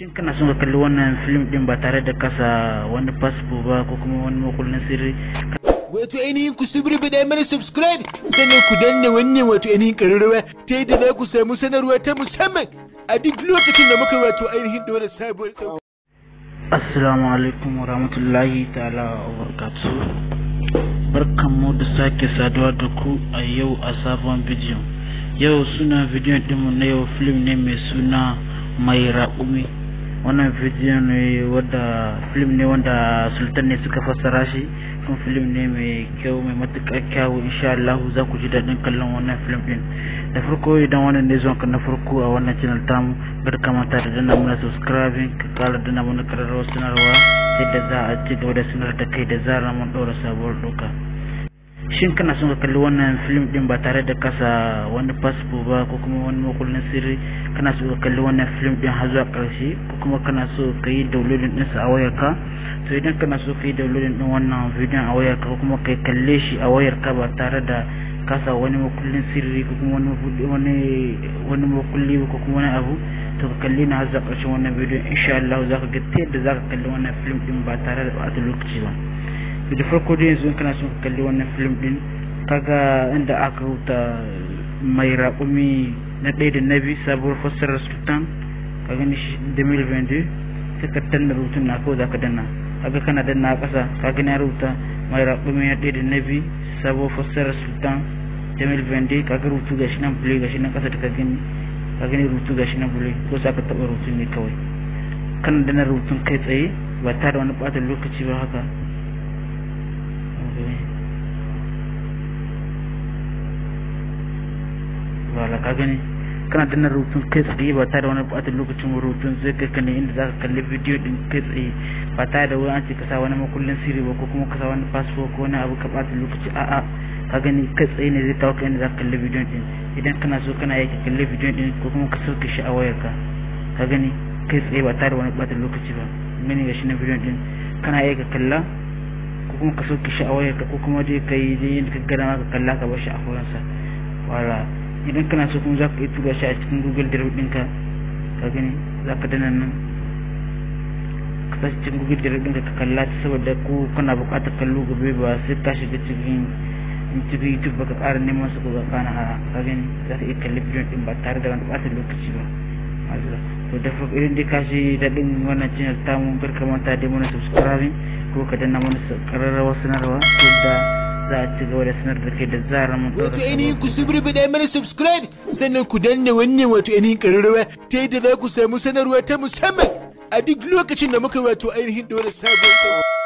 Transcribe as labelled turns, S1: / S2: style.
S1: shin kana son ka kalli wannan film din ba tare da kasa wani fasfo ba ko kuma wani makullin sirri wato ainihin ku subri bi dai mana subscribe sannan ku danna wannan wato ainihin kararrawa ta yadda za ku samu sanarwa ta musamman a duk lokacin da muka wato ainihin da wani sabuwar assalamu alaikum wa rahmatullahi ta'ala wa barakatuh barkanmu da sake saduwa da ku a yau a sabon bidiyon yau suna bidiyon dinmu na yau film ne mai suna mai raƙumi wannan video ne wadda film ne wanda sultan ne suka fassara shi kuma film ne mai kyau mai matuƙar kyau insha Allah za ku ji daɗin kallon wannan film din da farko idan wannan ne zuwa na farko a wannan channel ta kar ka manta da danna muna subscribing ka kara danna muna kararrawar sanarwa yadda za a ci gaba da sanar da kai da zarar mun ɗora sabuwar doka shin kana son ka kalli wannan film din ba tare da kasa wani fasfo ba ko kuma wani makullin sirri kana son ka kalli wannan film din har zuwa ƙarshe ko kuma kana so ka yi downloading din sa a wayarka to idan kana so ka yi downloading din wannan video a wayarka ko kuma ka kalle shi a wayarka ba tare da kasa wani makullin sirri ko kuma wani wani wani makulli ko kuma wani abu to ka kalli na har zuwa karshen wannan video insha Allah za ka ga ta yadda za ka kalli wannan film din ba tare da ɓata lokaci ba to da farko dai yanzu in kana son kalli wannan film din kaga inda aka huta mai raƙumi na ɗaya da na biyu sabuwar fassarar sultan ka gani shi da mil bendu sai ka danna rubutun na kawai zaka danna kaga kana danna a ƙasa ka gani ya rubuta mai raƙumi na ɗaya da na biyu sabuwar fassarar sultan da mil bendu ga rubutu gashi nan bule gashi nan ƙasa da ka gani ka gani rubutu gashi nan bule ko sa ka taɓa rubutun ne kawai kana danna rubutun kai tsaye ba tare da wani ɓatan lokaci ba haka ka gani kana danna rubutun kai tsaye ba tare da wani buƙatar lokacin rubutun zai kai ka ne inda za ka kalli bidiyo din kai tsaye ba tare da wani an ce kasa wani makullin sirri ba ko kuma kasa wani fasfo ko wani abu ka ɓata lokaci a'a ka gani kai tsaye ne zai kawo ka inda za ka kalli bidiyo din idan kana so kana yi ka kalli bidiyo din ko kuma ka sauke shi a wayarka ka gani kai tsaye ba tare da wani ɓata lokaci ba mini ga shi na bidiyo din kana yi ka kalla ko kuma ka sauke shi a wayarka ko kuma dai ka yi dai yadda ka gana ma ka kalla ka bar shi a horonsa wala idan kana so kuma za ka iya tura shi a cikin google drive ɗinka ka gani za ka dana nan ka sa cikin google drive ɗinka ka kalla ta saboda ko kana buƙatar kallo gobe ba sai ka shiga cikin cikin youtube ba ka ƙara neman su ko ka kana a ka gani za ka iya kalli bidiyon ɗin ba tare da wani ɓata lokaci ba to da fa irin dai ka shi daɗin wannan channel ta mun karka manta dai mana subscribing ko ka danna mana ƙararrawar sanarwa da za a ci sanar da ke da zarar mun wato ainihin ku subscribe mana subscribe sannan ku danna wannan wato ainihin ƙararrawa ta yadda za ku samu sanarwa ta musamman a duk lokacin da muka wato ainihin dole sabon